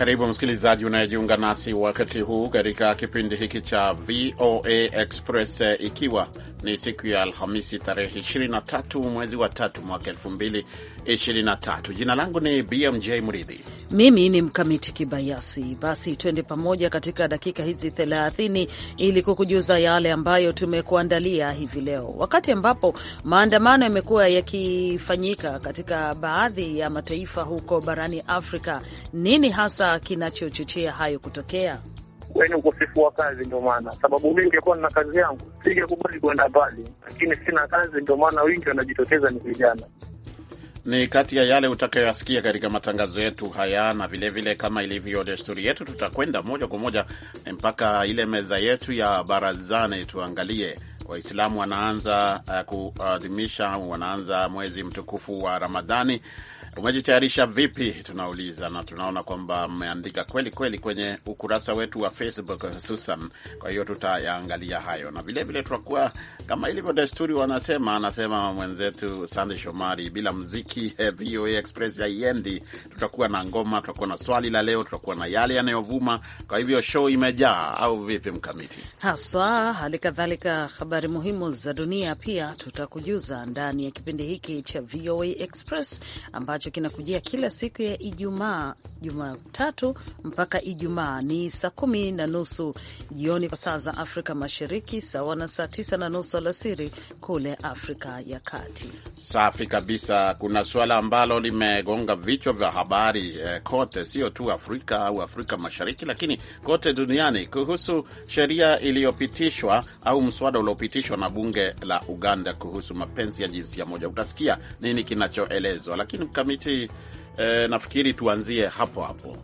Karibu msikilizaji unayejiunga nasi wakati huu katika kipindi hiki cha VOA Express, eh, ikiwa ni siku ya Alhamisi tarehe 23 mwezi wa tatu mwaka 2023. Jina langu ni BMJ Mridhi, mimi ni Mkamiti Kibayasi. Basi twende pamoja katika dakika hizi 30 ili kukujuza yale ambayo tumekuandalia hivi leo, wakati ambapo maandamano yamekuwa yakifanyika katika baadhi ya mataifa huko barani Afrika. Nini hasa kinachochochea hayo kutokea? Yaani ukosefu wa kazi, ndio maana sababu mi ningekuwa nina kazi yangu singekubali kwenda mbali, lakini sina kazi, ndio maana wingi wanajitokeza ni vijana ni kati ya yale utakayoyasikia katika matangazo yetu haya, na vilevile vile, kama ilivyo desturi yetu, tutakwenda moja kwa moja mpaka ile meza yetu ya barazani, tuangalie Waislamu wanaanza eh, kuadhimisha au wanaanza mwezi mtukufu wa Ramadhani Umejitayarisha vipi? Tunauliza, na tunaona kwamba mmeandika kweli kweli kwenye ukurasa wetu wa Facebook hususan. Kwa hiyo tutayaangalia hayo, na vilevile tutakuwa kama ilivyo desturi, wanasema anasema mwenzetu Sande Shomari, bila mziki eh, VOA Express haiendi. Tutakuwa na ngoma, tutakuwa na swali la leo, tutakuwa na yale yanayovuma. Kwa hivyo show imejaa, au vipi Mkamiti? Haswa hali kadhalika, habari muhimu za dunia pia tutakujuza ndani ya kipindi hiki cha VOA Express ambacho ambacho kinakujia kila siku ya Ijumaa, Jumatatu mpaka Ijumaa ni saa kumi na nusu jioni kwa saa za Afrika Mashariki, sawa na saa tisa na nusu alasiri kule Afrika ya Kati. Safi kabisa. Kuna suala ambalo limegonga vichwa vya habari eh, kote, sio tu Afrika au Afrika Mashariki, lakini kote duniani kuhusu sheria iliyopitishwa au mswada uliopitishwa na bunge la Uganda kuhusu mapenzi ya jinsia moja. Utasikia nini kinachoelezwa lakini kam mkamiti e, nafikiri tuanzie hapo hapo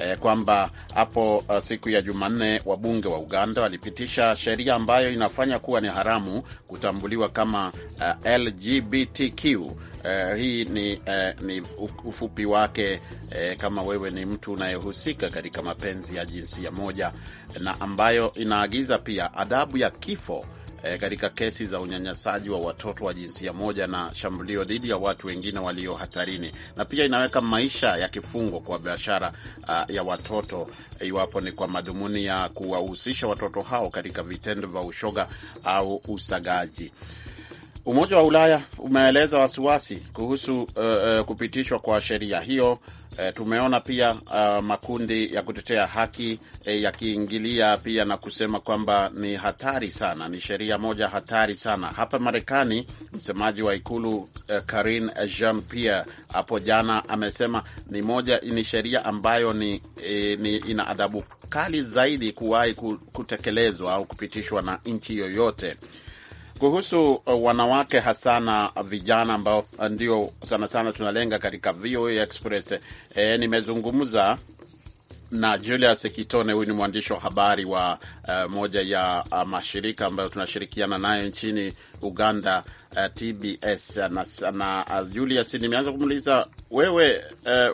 e, kwamba hapo eh, siku ya Jumanne wabunge wa Uganda walipitisha sheria ambayo inafanya kuwa ni haramu kutambuliwa kama uh, LGBTQ. Uh, hii ni, uh, ni ufupi wake uh, kama wewe ni mtu unayehusika katika mapenzi ya jinsia moja, na ambayo inaagiza pia adhabu ya kifo e, katika kesi za unyanyasaji wa watoto wa jinsia moja na shambulio dhidi ya watu wengine walio hatarini, na pia inaweka maisha ya kifungo kwa biashara uh, ya watoto iwapo ni kwa madhumuni ya kuwahusisha watoto hao katika vitendo vya ushoga au usagaji. Umoja wa Ulaya umeeleza wasiwasi kuhusu uh, uh, kupitishwa kwa sheria hiyo E, tumeona pia uh, makundi ya kutetea haki e, yakiingilia pia na kusema kwamba ni hatari sana, ni sheria moja hatari sana hapa Marekani. Msemaji wa ikulu uh, eh, Karin Jean Pierre hapo jana amesema ni moja ni sheria ambayo ni, e, ni ina adhabu kali zaidi kuwahi kutekelezwa au kupitishwa na nchi yoyote kuhusu uh, wanawake hasa na vijana ambao uh, ndio sana sana tunalenga katika VOA Express. E, nimezungumza na Julius Kitone, huyu ni mwandishi wa habari wa uh, moja ya uh, mashirika ambayo tunashirikiana nayo nchini Uganda uh, TBS na, na uh, Julius, nimeanza kumuuliza wewe,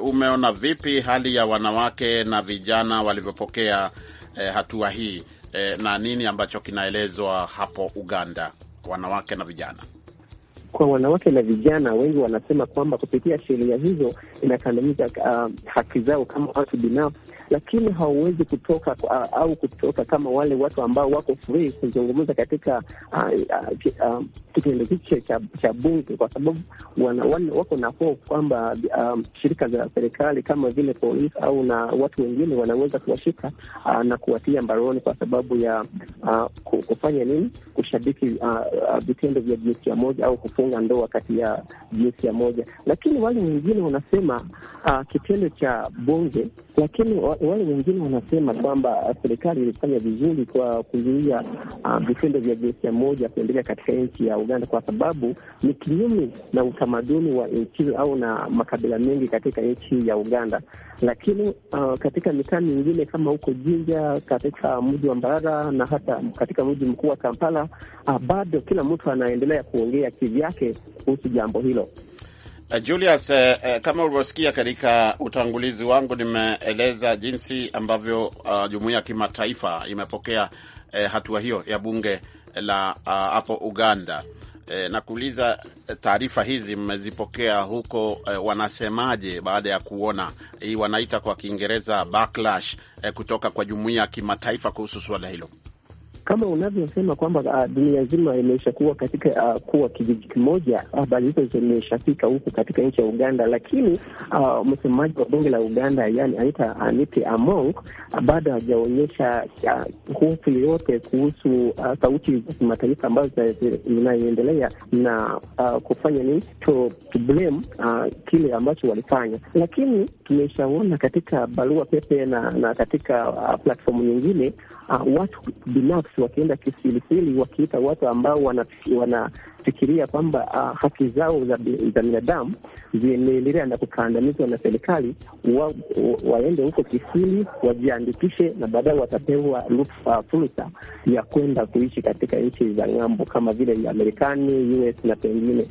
uh, umeona vipi hali ya wanawake na vijana walivyopokea uh, hatua hii uh, na nini ambacho kinaelezwa hapo Uganda? wanawake na vijana kwa wanawake na vijana, wengi wanasema kwamba kupitia sheria hizo inakandamiza uh, haki zao kama watu binafsi, lakini hawawezi kutoka uh, au kutoka kama wale watu ambao wako free kuzungumza katika uh, uh, uh, hicho cha, cha bunge, kwa sababu wako na hofu kwamba um, shirika za serikali kama vile polisi au na watu wengine wanaweza kuwashika uh, na kuwatia mbaroni kwa sababu ya uh, kufanya nini, kushabiki uh, uh, vitendo uh, vya jinsia moja au kufu kufunga ndoa kati ya jinsia moja, lakini wale wengine wanasema uh, kitendo cha bunge, lakini wale wengine wanasema kwamba serikali ilifanya vizuri kwa kuzuia ah, vitendo uh, vya jinsia moja kuendelea katika nchi ya Uganda kwa sababu ni kinyume na utamaduni wa nchi au na makabila mengi katika nchi ya Uganda. Lakini uh, katika mitaa mingine kama huko Jinja, katika mji wa Mbarara na hata katika mji mkuu wa Kampala, uh, bado kila mtu anaendelea kuongea kivyake wake kuhusu jambo hilo. Eh, Julius, eh, eh, kama ulivyosikia katika utangulizi wangu, nimeeleza jinsi ambavyo uh, jumuiya ya kimataifa imepokea eh, hatua hiyo ya bunge la ah, hapo uh, Uganda. E, na kuuliza taarifa hizi mmezipokea huko e, wanasemaje baada ya kuona hii wanaita kwa Kiingereza backlash e, kutoka kwa jumuiya ya kimataifa kuhusu suala hilo? kama unavyosema kwamba ah, dunia nzima imesha kuwa katika uh, kuwa kijiji kimoja, habari ah, hizo zimeshafika huku katika nchi ya Uganda, lakini uh, msemaji wa bunge la Uganda yani anaita Anita Among bado hajaonyesha hofu yoyote kuhusu uh, sauti za kimataifa ambazo zinaendelea na uh, kufanya nini to, to blame uh, kile ambacho walifanya, lakini tumeshaona katika barua pepe na, na katika uh, platform nyingine uh, watu binafsi polisi wakienda kisilisili, wakiita watu ambao wanafikiria kwamba uh, haki zao za, za binadamu zimeendelea na kukandamizwa na serikali, wa, waende huko kisili wajiandikishe, na baadaye watapewa ah, fursa ya kwenda kuishi katika nchi za ng'ambo kama vile Marekani, US na pengine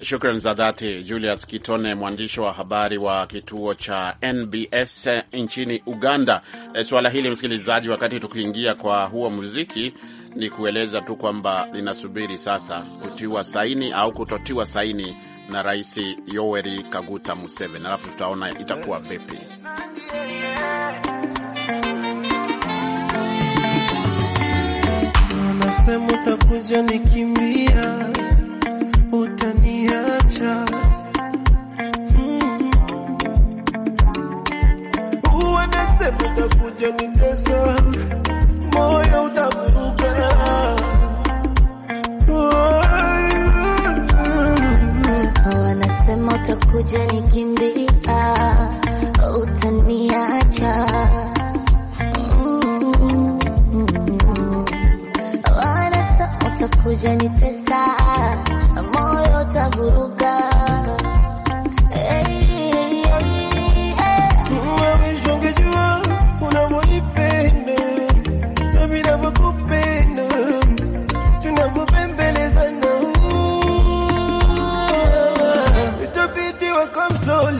Shukran za dhati Julius Kitone, mwandishi wa habari wa kituo cha NBS eh, nchini Uganda. Eh, suala hili msikilizaji, wakati tukiingia kwa huo muziki, ni kueleza tu kwamba linasubiri sasa kutiwa saini au kutotiwa saini na Rais Yoweri Kaguta Museveni, alafu tutaona itakuwa vipi. Nasema utakuja nikimbia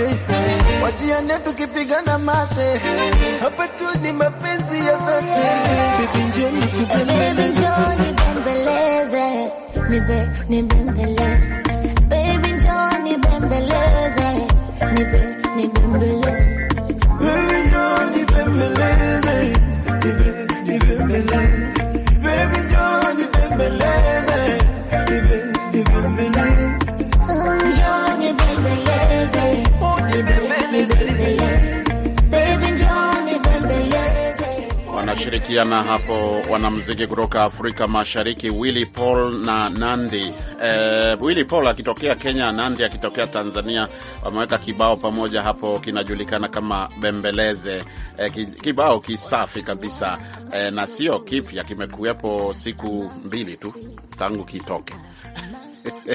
walipe, wajiane tukipigana mate, hapa tu ni mapenzi ya dhati. Bibi njoo nikubembeleze, nibe nibembele, baby njoo nibembeleze, nibe nibembele, baby njoo nibembeleze, nibe Wakishirikiana hapo wanamuziki kutoka Afrika Mashariki, Willy Paul na Nandi. Eh, Willy Paul akitokea Kenya, Nandi akitokea Tanzania, wameweka kibao pamoja hapo kinajulikana kama Bembeleze. Eh, kibao kisafi kabisa eh, na sio kipya, kimekuwepo siku mbili tu tangu kitoke.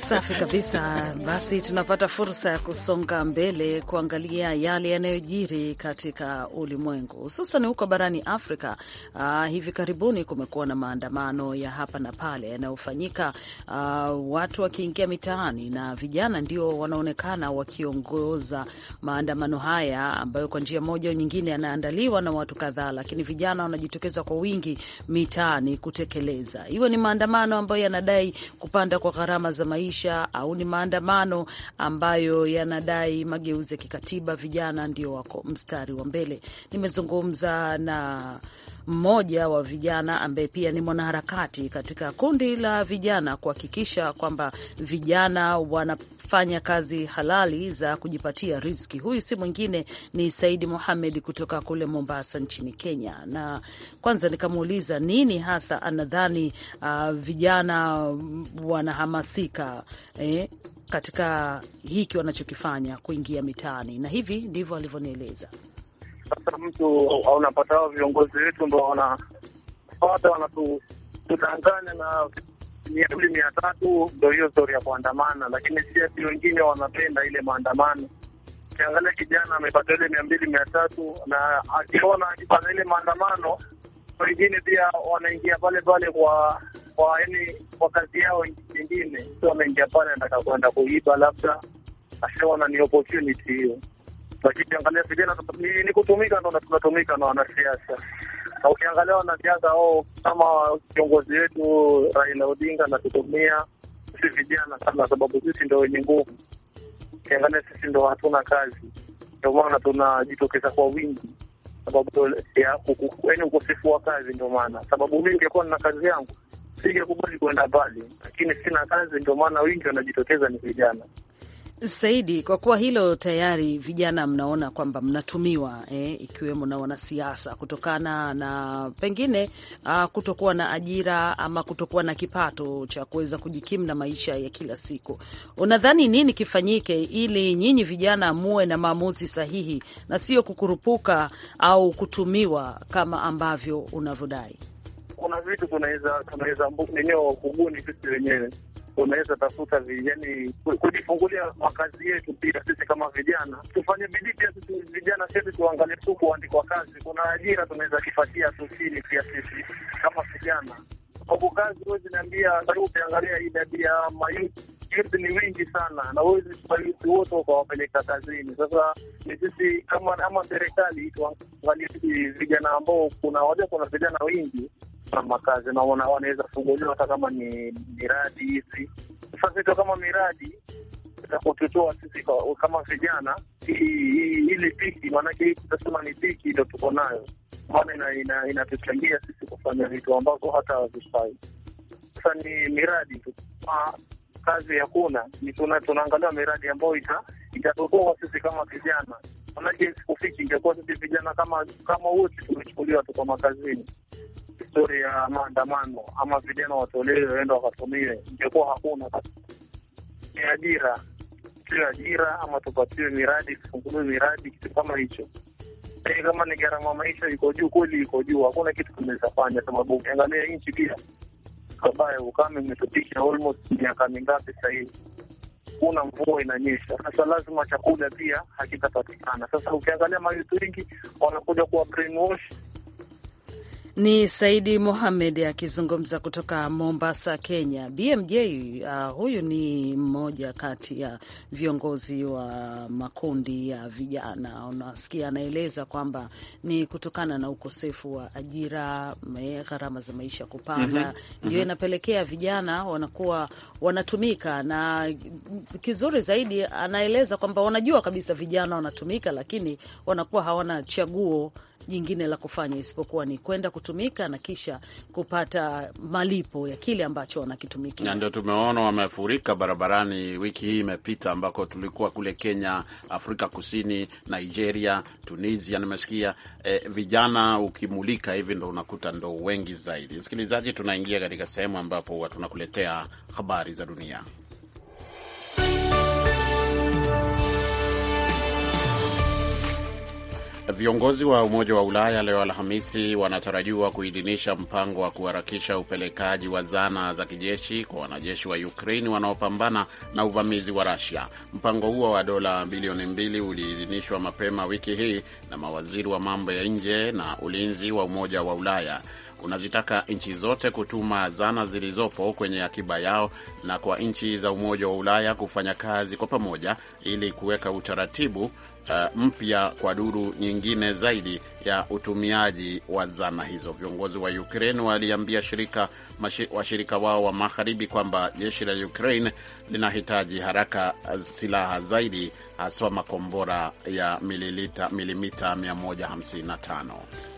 Safi kabisa. Basi tunapata fursa ya kusonga mbele kuangalia yale yanayojiri katika ulimwengu, hususan huko barani Afrika. Uh, hivi karibuni kumekuwa na maandamano ya hapa na pale yanayofanyika, uh, watu wakiingia mitaani na vijana ndio wanaonekana wakiongoza maandamano haya ambayo kwa njia moja au nyingine yanaandaliwa na watu kadhaa, lakini vijana wanajitokeza kwa wingi mitaani kutekeleza, iwe ni maandamano ambayo yanadai kupanda kwa gharama za za maisha au ni maandamano ambayo yanadai mageuzi ya kikatiba, vijana ndio wako mstari wa mbele. Nimezungumza na mmoja wa vijana ambaye pia ni mwanaharakati katika kundi la vijana kuhakikisha kwamba vijana wanafanya kazi halali za kujipatia riziki. Huyu si mwingine ni Saidi muhamed kutoka kule Mombasa nchini Kenya, na kwanza nikamuuliza nini hasa anadhani uh, vijana wanahamasika eh, katika hiki wanachokifanya kuingia mitaani, na hivi ndivyo alivyonieleza sasa mtu anapata hao viongozi wetu ndo wanapata wanatudanganya na mia mbili mia tatu, ndo hiyo stori ya kuandamana, lakini siasi wengine wanapenda ile maandamano. Ukiangalia kijana amepata ile mia mbili mia tatu na akiona akipata ile maandamano, wengine pia wanaingia pale pale kwa kwa yani kwa kazi yao nyingine, sio wanaingia pale anataka kwenda kuiba labda, ashaona ni opportunity hiyo lakini ukiangalia vijana ni kutumika, ndo tunatumika na wanasiasa. Na ukiangalia wanasiasa wao oh, kama kiongozi wetu Raila Odinga anatutumia sisi vijana sana, sababu sisi ndo wenye nguvu. Ukiangalia sisi ndo hatuna kazi, ndio maana tunajitokeza kwa wingi sababu ya yaani ukosefu wa kazi. Ndio maana sababu mimi ningekuwa nina kazi yangu singekubali kwenda mbali, lakini sina kazi, ndio maana wingi wanajitokeza ni vijana. Saidi, kwa kuwa hilo tayari vijana mnaona kwamba mnatumiwa eh, ikiwemo na wanasiasa kutokana na pengine uh, kutokuwa na ajira ama kutokuwa na kipato cha kuweza kujikimu na maisha ya kila siku, unadhani nini kifanyike ili nyinyi vijana muwe na maamuzi sahihi na sio kukurupuka au kutumiwa kama ambavyo unavyodai? Kuna vitu tunaweza tunaweza wenyewe kubuni sisi wenyewe unaweza tafuta yani, kujifungulia makazi yetu. Pia sisi kama vijana tufanye bidii, pia sisi vijana sisi tuangalie tu kuandikwa kazi. Kuna ajira tunaweza kipatia tu chini, pia sisi kama vijana huku kazi, huwezi niambia, ukiangalia idadi ya mayuti youth ni wingi sana, na wezi mayuti wote ukawapeleka kazini. Sasa ni sisi kama ama serikali tuangalie vijana ambao, kuna waja, kuna vijana wingi na makazi, na wana wanaweza kufunguliwa hata kama ni miradi hizi. Sasa vitu kama miradi itakututoa sisi kama vijana, ili piki, maanake hii tutasema ni piki, ndo tuko nayo, maana ina, ina sisi kufanya vitu ambavyo hata havifai. Sasa ni miradi tu kazi hakuna, ni tuna, tunaangalia miradi ambayo ita- itatotoa sisi kama vijana, manake sikufiki ingekuwa sisi vijana kama kama wote tumechukuliwa, tuko makazini historia ya maandamano ama vijana watolewe waenda wakatumie, ingekuwa hakuna ni ajira tuwe ajira ama tupatiwe miradi, tufunguliwe miradi, kitu kama hicho. Lakini kama ni gharama maisha iko juu kweli, iko juu, hakuna kitu tunaweza fanya, sababu ukiangalia nchi pia ambayo ukame umetupisha almost miaka mingapi sasa hivi, kuna mvua inanyesha. Sasa lazima chakula pia hakitapatikana. Sasa ukiangalia mayutu wengi wanakuja kuwa brainwash ni Saidi Mohamed akizungumza kutoka Mombasa, Kenya. BMJ uh, huyu ni mmoja kati ya viongozi wa makundi ya vijana. Unasikia anaeleza kwamba ni kutokana na ukosefu wa ajira, gharama za maisha kupanda, mhm, mhm. ndio mm -hmm. mm -hmm. inapelekea vijana wanakuwa wanatumika, na kizuri zaidi anaeleza kwamba wanajua kabisa vijana wanatumika, lakini wanakuwa hawana chaguo jingine la kufanya isipokuwa ni kwenda kutumika na kisha kupata malipo ya kile ambacho wanakitumikia. Na ndio tumeona wamefurika barabarani wiki hii imepita, ambako tulikuwa kule Kenya, Afrika Kusini, Nigeria, Tunisia nimesikia e, vijana ukimulika hivi ndo unakuta ndo wengi zaidi. Msikilizaji, tunaingia katika sehemu ambapo huwa tunakuletea habari za dunia. Viongozi wa Umoja wa Ulaya leo Alhamisi wanatarajiwa kuidhinisha mpango wa kuharakisha upelekaji wa zana za kijeshi kwa wanajeshi wa Ukraini wanaopambana na uvamizi wa Rusia. Mpango huo wa dola bilioni mbili uliidhinishwa mapema wiki hii na mawaziri wa mambo ya nje na ulinzi wa Umoja wa Ulaya unazitaka nchi zote kutuma zana zilizopo kwenye akiba yao na kwa nchi za Umoja wa Ulaya kufanya kazi kwa pamoja ili kuweka utaratibu Uh, mpya kwa duru nyingine zaidi ya utumiaji wa zana hizo. Viongozi wa Ukraine waliambia shirika washirika wao wa magharibi kwamba jeshi la Ukraine linahitaji haraka silaha zaidi haswa makombora ya mililita, milimita 155.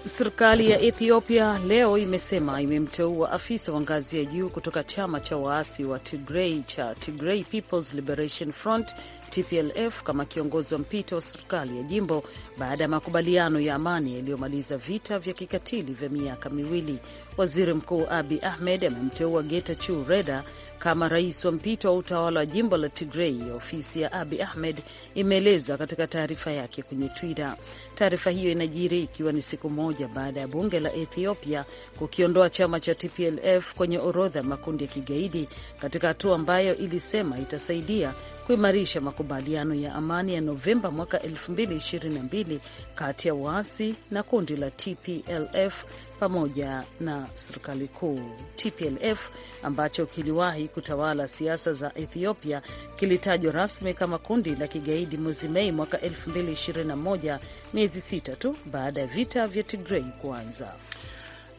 Serikali ya Ethiopia leo imesema imemteua afisa wa ngazi ya juu kutoka chama cha waasi wa tigrei cha Tigrei People's Liberation Front TPLF kama kiongozi wa mpito wa serikali ya jimbo baada ya makubaliano ya amani yaliyomaliza vita vya kikatili vya miaka miwili. Waziri Mkuu Abi Ahmed amemteua Getachew Reda kama rais wa mpito wa utawala wa jimbo la Tigrei, ofisi ya Abi Ahmed imeeleza katika taarifa yake kwenye Twitter. Taarifa hiyo inajiri ikiwa ni siku moja baada ya bunge la Ethiopia kukiondoa chama cha TPLF kwenye orodha ya makundi ya kigaidi katika hatua ambayo ilisema itasaidia kuimarisha makubaliano ya amani ya Novemba mwaka 2022 kati ya waasi na kundi la TPLF pamoja na serikali kuu. TPLF ambacho kiliwahi kutawala siasa za Ethiopia kilitajwa rasmi kama kundi la kigaidi mwezi Mei mwaka 2021, miezi sita tu baada ya vita vya Tigrei kuanza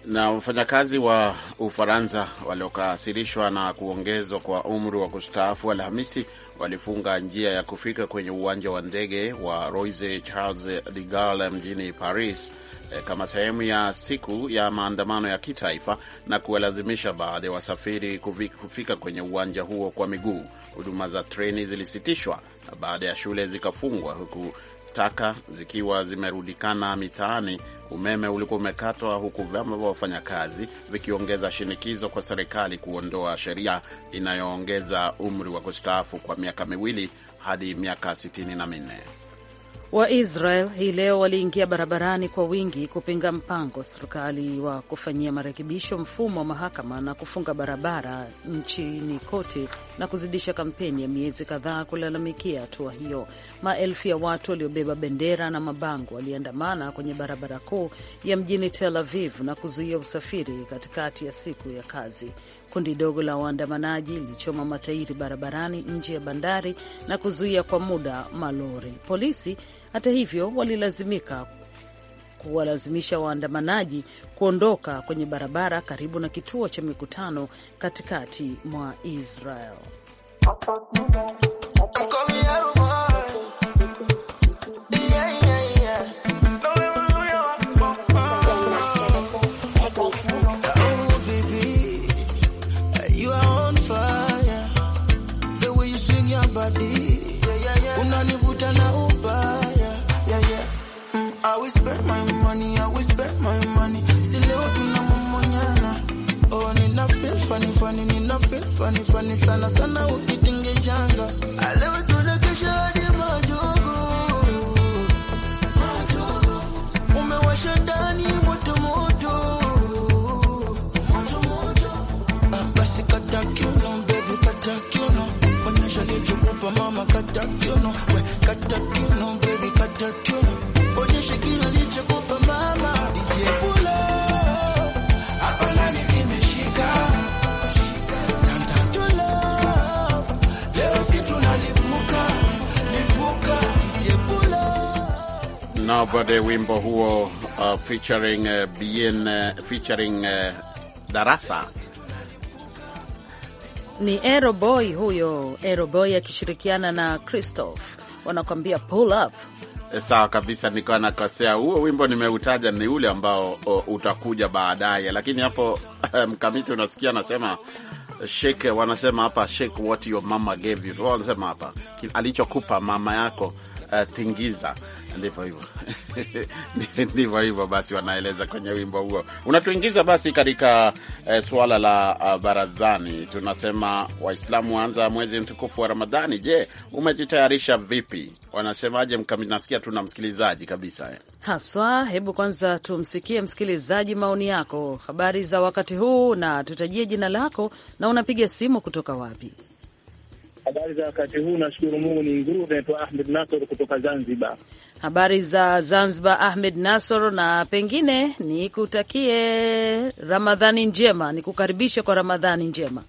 na wafanyakazi wa Ufaransa waliokasirishwa na kuongezwa kwa umri wa kustaafu Alhamisi walifunga njia ya kufika kwenye uwanja wa ndege wa Roise Charles de Gaulle mjini Paris eh, kama sehemu ya siku ya maandamano ya kitaifa na kuwalazimisha baadhi ya wasafiri kufika kwenye uwanja huo kwa miguu. Huduma za treni zilisitishwa na baada ya shule zikafungwa, huku taka zikiwa zimerudikana mitaani Umeme ulikuwa umekatwa huku vyama vya wafanyakazi vikiongeza shinikizo kwa serikali kuondoa sheria inayoongeza umri wa kustaafu kwa miaka miwili hadi miaka sitini na minne waisrael hii leo waliingia barabarani kwa wingi kupinga mpango serikali wa kufanyia marekebisho mfumo wa mahakama na kufunga barabara nchini kote na kuzidisha kampeni ya miezi kadhaa kulalamikia hatua hiyo. Maelfu ya watu waliobeba bendera na mabango waliandamana kwenye barabara kuu ya mjini Tel Aviv na kuzuia usafiri katikati ya siku ya kazi. Kundi dogo la waandamanaji lilichoma matairi barabarani nje ya bandari na kuzuia kwa muda malori. Polisi hata hivyo, walilazimika kuwalazimisha waandamanaji kuondoka kwenye barabara karibu na kituo cha mikutano katikati mwa Israel. sisi leo tunamomonyana. Oh, nina feel funny funny, nina feel funny funny sana sana ukitinge ukitingejanga. Ah, leo tunakesha hadi majogo. Majogo. Umewasha ndani moto moto. Moto moto. Ah, basi kata kiuno, baby kata kiuno. Onyesha nilichokupa mama kata kiuno. We kata kiuno, baby kata kiuno. Onyesha kila Nobody wimbo huo uh, featuring uh, bien, uh, featuring uh, Darasa ni Aero Boy huyo, Aero Boy akishirikiana na Christoph wanakwambia pull up. Eh, sawa kabisa, nikawa nakosea. Huo wimbo nimeutaja ni ule ambao uh, utakuja baadaye, lakini hapo mkamiti um, unasikia anasema shake, wanasema hapa shake what your mama gave you, wanasema hapa alichokupa mama yako uh, tingiza ndivyo hivyo ndivyo hivyo basi, wanaeleza kwenye wimbo huo. Unatuingiza basi katika eh, suala la uh, barazani. Tunasema Waislamu wanza mwezi mtukufu wa Ramadhani. Je, umejitayarisha vipi? Wanasemaje mkanasikia Nasikia tuna msikilizaji kabisa eh, haswa. Hebu kwanza tumsikie msikilizaji, maoni yako, habari za wakati huu, na tutajie jina lako na unapiga simu kutoka wapi? Habari za wakati huu, nashukuru Mungu ni nzuri. Naitwa Ahmed Nasor kutoka Zanzibar. Habari za Zanzibar, Ahmed Nasor, na pengine nikutakie Ramadhani njema, nikukaribishe kwa Ramadhani njema.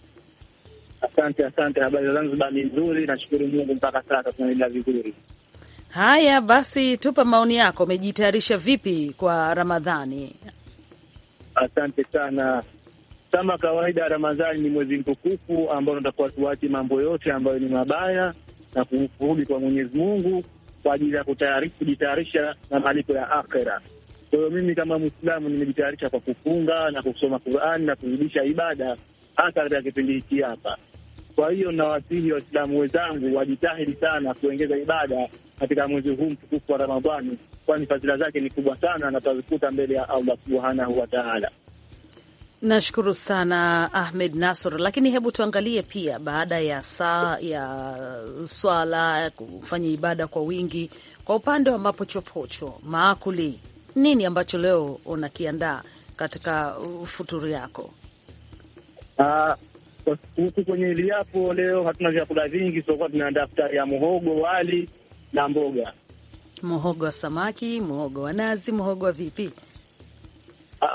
Asante, asante. Habari za Zanzibar ni nzuri, nashukuru Mungu mpaka sasa tunaendelea vizuri. Haya basi, tupa maoni yako, umejitayarisha vipi kwa Ramadhani? Asante sana. Kama kawaida, Ramadhani ni mwezi mtukufu ambao tunatakiwa tuache mambo yote ambayo ni mabaya na kurudi kwa Mwenyezi Mungu kwa ajili ya kujitayarisha na malipo ya akhera. Kwa hiyo mimi kama Mwislamu nimejitayarisha kwa kufunga na kusoma Qur'ani na kuzidisha ibada hasa katika kipindi hiki hapa. Kwa hiyo nawasihi Waislamu wenzangu wajitahidi sana kuongeza ibada katika mwezi huu mtukufu wa Ramadhani, kwani fadhila zake ni kubwa sana na tutazikuta mbele ya Allah subhanahu wataala Nashukuru sana Ahmed Nasor, lakini hebu tuangalie pia, baada ya saa ya swala kufanya ibada kwa wingi, kwa upande wa mapochopocho, maakuli, nini ambacho leo unakiandaa katika futuru yako? Ah, huku uh, kwenye Iliapo leo hatuna vyakula vingi, tutakuwa tunaandaa futari ya muhogo, wali na mboga, muhogo wa samaki, muhogo wa nazi, muhogo wa vipi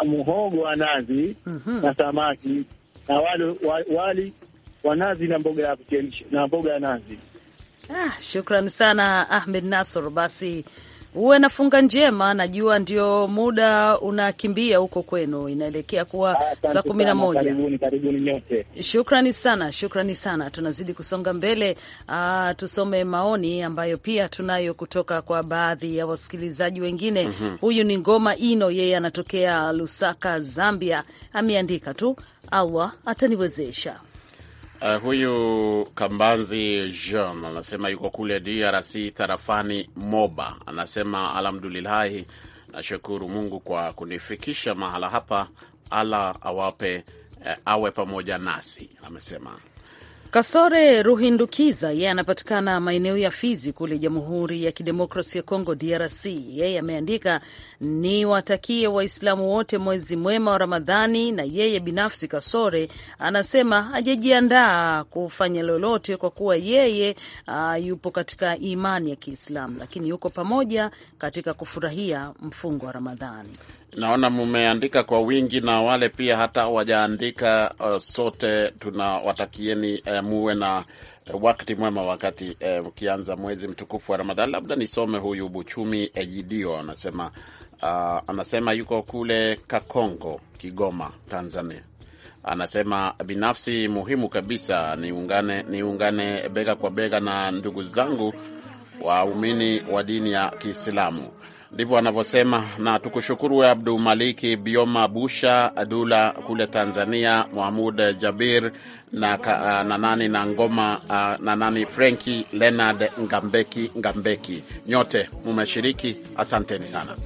muhogo wa nazi mm -hmm. na samaki na wali, wali wa nazi na mboga ya kuchemsha na mboga ya nazi. Ah, shukran sana Ahmed Nasor. Basi uwe na funga njema. Najua ndio muda unakimbia huko kwenu, inaelekea kuwa saa kumi na moja. Karibuni, karibuni nyote. Shukrani sana, shukrani sana. Tunazidi kusonga mbele. Aa, ah, tusome maoni ambayo pia tunayo kutoka kwa baadhi ya wasikilizaji wengine. mm -hmm. Huyu ni Ngoma Ino, yeye anatokea Lusaka, Zambia. Ameandika tu Allah ataniwezesha Uh, huyu Kambanzi Jean anasema yuko kule DRC tarafani Moba, anasema alhamdulilahi, nashukuru Mungu kwa kunifikisha mahala hapa, ala awape eh, awe pamoja nasi, amesema. Kasore Ruhindukiza yeye anapatikana maeneo ya Fizi kule Jamhuri ya Kidemokrasi ya Kongo, DRC. Yeye ameandika ni watakie Waislamu wote mwezi mwema wa Ramadhani, na yeye binafsi Kasore anasema hajajiandaa kufanya lolote kwa kuwa yeye uh, yupo katika imani ya Kiislamu, lakini yuko pamoja katika kufurahia mfungo wa Ramadhani. Naona mmeandika kwa wingi na wale pia hata wajaandika. Uh, sote tunawatakieni uh, muwe na uh, wakati mwema wakati uh, mkianza uh, mwezi mtukufu wa Ramadhani. Labda nisome huyu Buchumi Ejidio eh, anasema uh, anasema yuko kule Kakongo, Kigoma, Tanzania. Anasema binafsi, muhimu kabisa niungane niungane bega kwa bega na ndugu zangu waumini wa dini ya Kiislamu Ndivyo anavyosema. Na tukushukuru Abdu Maliki Bioma Busha Dula kule Tanzania, Muhamud Jabir na, ka, uh, na nani na ngoma uh, na nani Frenki Leonard Ngambeki Ngambeki, nyote mumeshiriki, asanteni sana.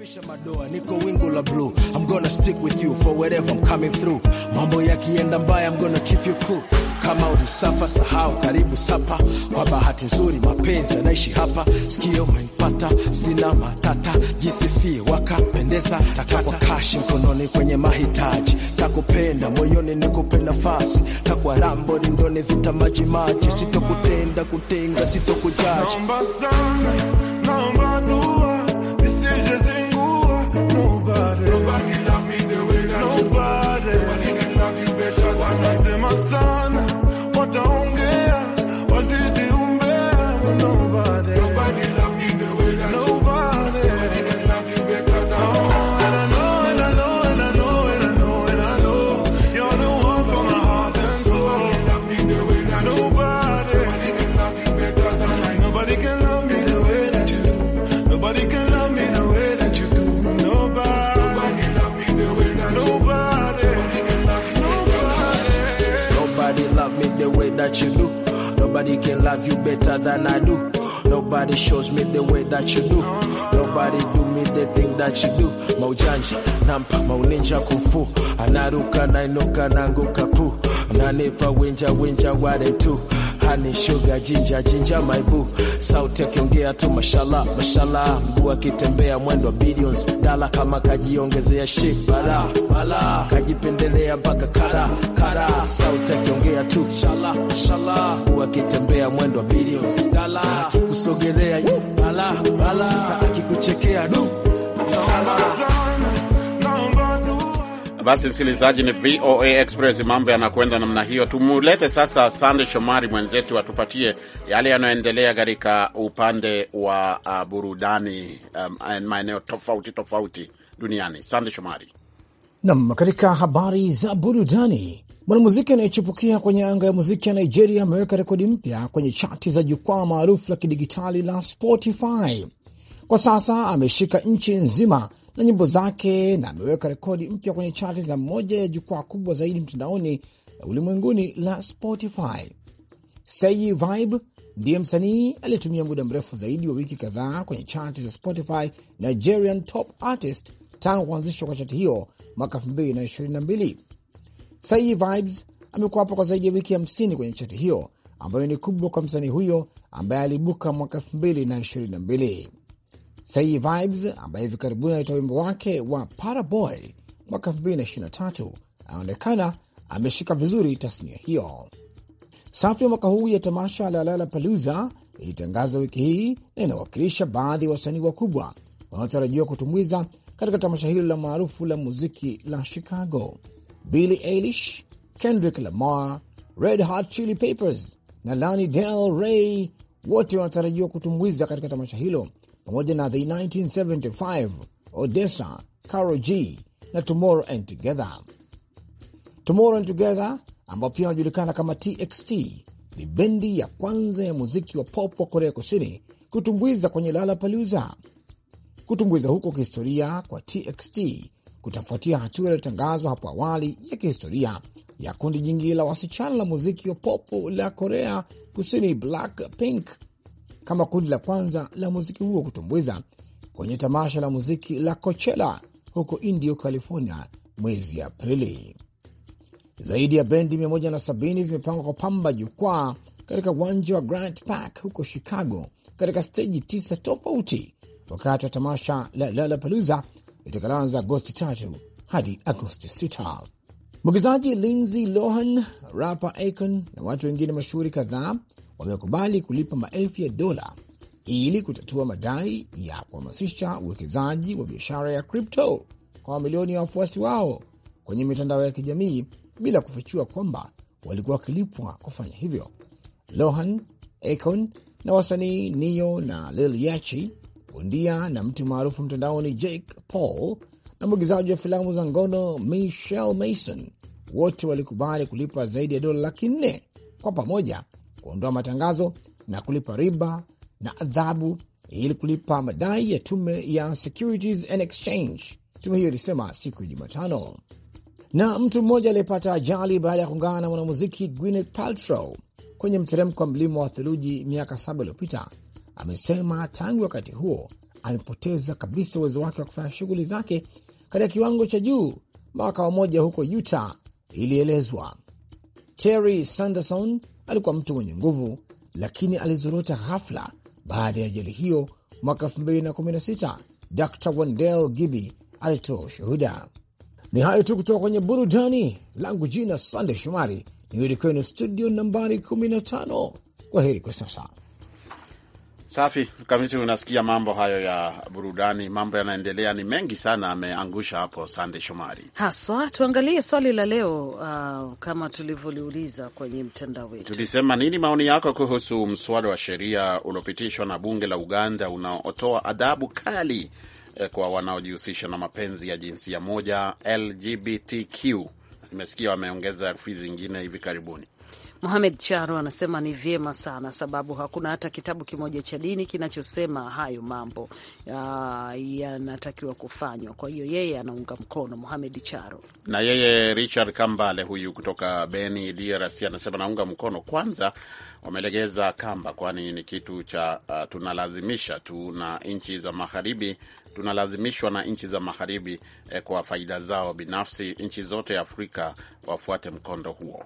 Mambo yakienda mbaya, I'm gonna keep you cool. Kama ulisafa sahau, karibu sapa. Kwa bahati nzuri mapenzi anaishi hapa. Sikio umenipata, sina matata. Jisifie wakapendeza, takata kashi mkononi kwenye mahitaji. Takupenda moyoni, nikupe nafasi. Takwa rambo rindoni, vita maji, Sitokutenda kutenga, sitokujaji. Naomba sana, naomba dua that you do. Nobody can love you better than I do. Nobody shows me the way that you do. Nobody do me the thing that you do. Maujanja, nampa, mauninja kufu. Anaruka, nainuka, nanguka poo. Nanipa, winja, winja, wale too. honey sugar jinja jinja my boo, sauti akiongea tu mashallah mashallah, mguu akitembea mwendo billions dala, kama kajiongezea ship bala bala, kajipendelea mpaka kara kara, sauti akiongea tu mashallah mashallah. mguu akitembea mwendo billions dala, akikusogelea yu bala bala, sasa akikuchekea du sala basi msikilizaji, ni VOA Express, mambo yanakwenda namna hiyo. Tumulete sasa Sande Shomari mwenzetu atupatie yale yanayoendelea katika upande wa uh, burudani um, maeneo tofauti tofauti duniani. Sande Shomari. Nam, katika habari za burudani, mwanamuziki anayechipukia kwenye anga ya muziki ya Nigeria ameweka rekodi mpya kwenye chati za jukwaa maarufu la kidigitali la Spotify. Kwa sasa ameshika nchi nzima na nyimbo zake na ameweka rekodi mpya kwenye chati za moja ya jukwaa kubwa zaidi mtandaoni la ulimwenguni la Spotify. Sayi Vibe ndiye msanii aliyetumia muda mrefu zaidi wa wiki kadhaa kwenye chati za Spotify Nigerian Top Artist tangu kuanzishwa kwa chati hiyo mwaka 2022. Sayi Vibes amekuwa hapo kwa zaidi ya wiki 50 kwenye chati hiyo ambayo ni kubwa kwa msanii huyo ambaye aliibuka mwaka 2022. Say Vibes ambaye hivi karibuni alitoa wimbo wake wa Paraboy mwaka 2023 anaonekana ameshika vizuri tasnia hiyo. Safu ya mwaka huu ya tamasha la lala Paluza ilitangaza wiki hii na inawakilisha baadhi ya wasanii wakubwa wanaotarajiwa kutumbwiza katika tamasha hilo la maarufu la muziki la Chicago: Billie Eilish, Kendrick Lamar, Red Hot Chili Peppers na lani Del Rey, wote wanatarajiwa kutumwiza katika tamasha hilo pamoja na The 1975, Odessa, Karol G na Tomorrow and Together. Tomorrow and Together, ambao pia wanajulikana kama TXT, ni bendi ya kwanza ya muziki wa pop wa Korea Kusini kutumbuiza kwenye Lollapalooza. Kutumbuiza huko kihistoria kwa TXT kutafuatia hatua iliyotangazwa hapo awali ya kihistoria ya kundi jingi la wasichana la muziki wa pop la Korea Kusini, Blackpink kama kundi la kwanza la muziki huo kutumbuiza kwenye tamasha la muziki la Coachella huko Indio, California mwezi Aprili. Zaidi ya bendi 170 zimepangwa kupamba jukwaa katika uwanja wa Grant Park huko Chicago, katika steji tisa tofauti wakati wa tamasha la Lollapalooza litakaloanza Agosti 3 hadi Agosti 6. Mwigizaji Lindsay Lohan, rapa Akon na watu wengine mashuhuri kadhaa wamekubali kulipa maelfu ya dola ili kutatua madai ya kuhamasisha uwekezaji wa biashara ya kripto kwa mamilioni ya wafuasi wao kwenye mitandao ya kijamii bila kufichua kwamba walikuwa wakilipwa kufanya hivyo. Lohan, Akon na wasanii Nio na Lil Yachi, bondia na mtu maarufu mtandaoni Jake Paul na mwigizaji wa filamu za ngono Michelle Mason wote walikubali kulipa zaidi ya dola laki nne kwa pamoja kuondoa matangazo na kulipa riba na adhabu ili kulipa madai ya tume ya Securities and Exchange. Tume hiyo ilisema siku ya Jumatano. Na mtu mmoja aliyepata ajali baada ya kuungana na mwanamuziki Gwyneth Paltrow kwenye mteremko wa mlima wa theluji miaka saba iliyopita amesema tangu wakati huo amepoteza kabisa uwezo wake wa kufanya shughuli zake katika kiwango cha juu. Mwaka wa moja huko Utah ilielezwa. Terry Sanderson alikuwa mtu mwenye nguvu, lakini alizorota ghafla baada ya ajali hiyo mwaka 2016. Dr Wendell gibby alitoa ushuhuda. Ni hayo tu kutoka kwenye burudani langu. Jina sandey Shomari, kwenu studio nambari 15. Kwa heri kwa sasa. Safi Kamiti, unasikia mambo hayo ya burudani, mambo yanaendelea, ni mengi sana ameangusha hapo Sande Shomari haswa. Tuangalie swali la leo. Uh, kama tulivyoliuliza kwenye mtandao wetu, tulisema nini maoni yako kuhusu mswada wa sheria uliopitishwa na bunge la Uganda unaotoa adhabu kali eh, kwa wanaojihusisha na mapenzi ya jinsia moja LGBTQ. Nimesikia wameongeza herufi zingine hivi karibuni. Mohamed Charo anasema ni vyema sana, sababu hakuna hata kitabu kimoja cha dini kinachosema hayo mambo yanatakiwa kufanywa. Kwa hiyo yeye anaunga mkono Mohamed Charo. Na yeye Richard Kambale huyu kutoka Beni, DRC, anasema naunga mkono kwanza, wamelegeza kamba, kwani ni kitu cha uh, tunalazimisha tu na nchi za magharibi tunalazimishwa na nchi za magharibi eh, kwa faida zao binafsi. Nchi zote Afrika wafuate mkondo huo.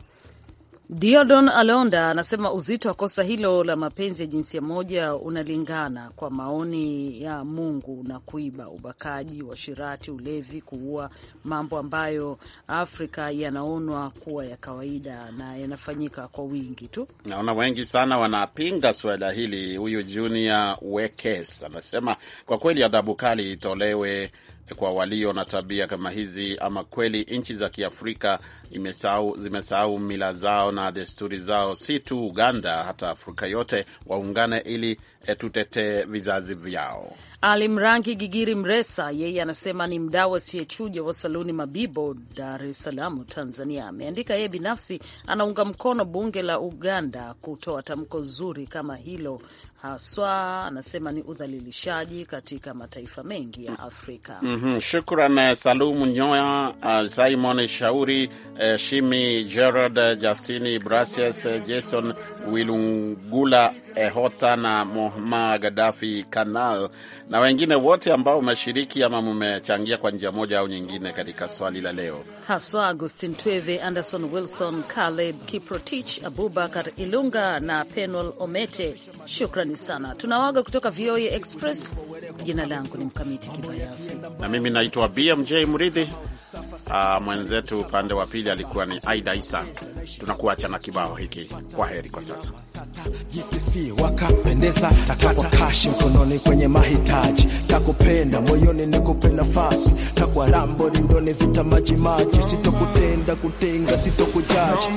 Diodon Alonda anasema uzito wa kosa hilo la mapenzi ya jinsia moja unalingana kwa maoni ya Mungu na kuiba, ubakaji, washirati, ulevi, kuua, mambo ambayo Afrika yanaonwa kuwa ya kawaida na yanafanyika kwa wingi tu. Naona wengi sana wanapinga suala hili. Huyu Junior Wekes anasema kwa kweli adhabu kali itolewe kwa walio na tabia kama hizi, ama kweli nchi za Kiafrika zimesahau mila zao na desturi zao, si tu Uganda, hata Afrika yote. Waungane ili eh, tutetee vizazi vyao. Mrangi Gigiri Mresa yeye anasema ni mdau asiyechuja wa saluni Mabibo, Dar es Salaam, Tanzania. Ameandika yeye binafsi anaunga mkono bunge la Uganda kutoa tamko zuri kama hilo haswa anasema ni udhalilishaji katika mataifa mengi ya Afrika. mm -hmm. Shukran eh, Salumu Nyoya, uh, Simon Shauri, uh, Shimi Gerard, Justini Brasius, Jason Wilungula, Ehota na Mohma Gadafi Kanal na wengine wote ambao umeshiriki ama mumechangia kwa njia moja au nyingine katika swali la leo, haswa Agustin Tweve, Anderson Wilson, Caleb Kiprotich, Abubakar Ilunga na Penol Omete. Shukran Shukrani sana, tunawaga kutoka VOA Express. Jina langu ni Mkamiti Kibayasi na mimi naitwa BMJ Mridhi. Uh, ah, mwenzetu upande wa pili alikuwa ni Aida Isa. Tunakuacha na kibao hiki, kwa heri kwa sasa. GCC wakapendeza takwa kashi mkononi kwenye mahitaji takupenda moyoni nikupe nafasi takwa rambo rindoni vita maji maji sitokutenda kutenga sitokujaji